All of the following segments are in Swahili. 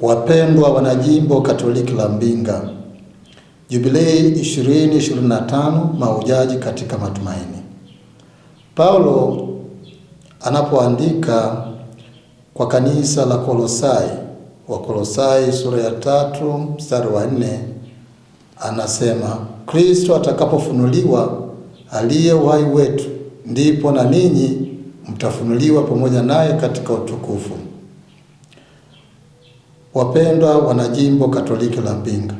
Wapendwa wanajimbo Katoliki la Mbinga, Jubilei 2025 mahujaji katika matumaini. Paulo anapoandika kwa kanisa la Kolosai, wa Kolosai sura ya tatu mstari wa nne anasema Kristo atakapofunuliwa aliye uhai wetu, ndipo na ninyi mtafunuliwa pamoja naye katika utukufu. Wapendwa wanajimbo Katoliki la Mpinga,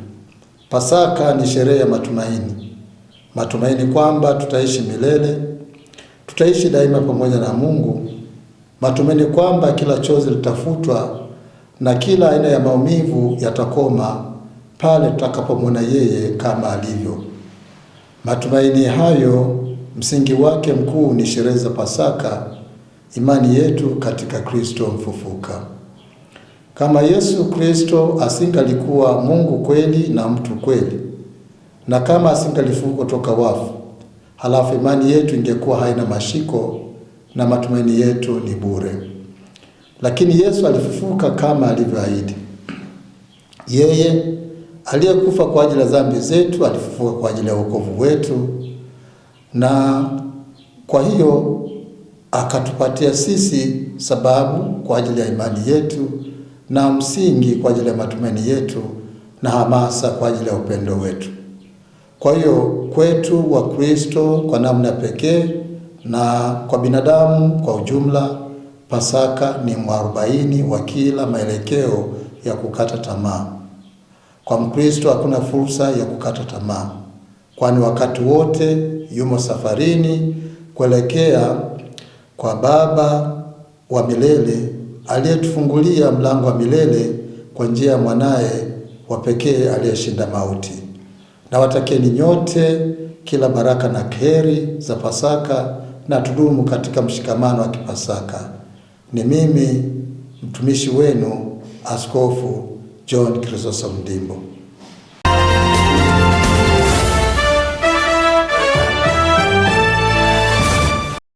Pasaka ni sherehe ya matumaini, matumaini kwamba tutaishi milele, tutaishi daima pamoja na Mungu, matumaini kwamba kila chozi litafutwa na kila aina ya maumivu yatakoma pale tutakapomwona yeye kama alivyo. Matumaini hayo msingi wake mkuu ni sherehe za Pasaka, imani yetu katika Kristo mfufuka. Kama Yesu Kristo asingalikuwa Mungu kweli na mtu kweli, na kama asingalifufuka toka wafu, halafu imani yetu ingekuwa haina mashiko na matumaini yetu ni bure. Lakini Yesu alifufuka kama alivyoahidi. Yeye aliyekufa kwa ajili ya dhambi zetu alifufuka kwa ajili ya wokovu wetu, na kwa hiyo akatupatia sisi sababu kwa ajili ya imani yetu na msingi kwa ajili ya matumaini yetu na hamasa kwa ajili ya upendo wetu. Kwa hiyo kwetu wa Kristo kwa namna pekee na kwa binadamu kwa ujumla, Pasaka ni mwarobaini wa kila maelekeo ya kukata tamaa. Kwa Mkristo hakuna fursa ya kukata tamaa, kwani wakati wote yumo safarini kuelekea kwa Baba wa milele aliyetufungulia mlango wa milele kwa njia ya mwanaye wa pekee aliyeshinda mauti. Na nyote kila baraka na kheri za Pasaka na tudumu katika mshikamano wa Kipasaka. Ni mimi mtumishi wenu Askofu John Chrysostom Ndimbo.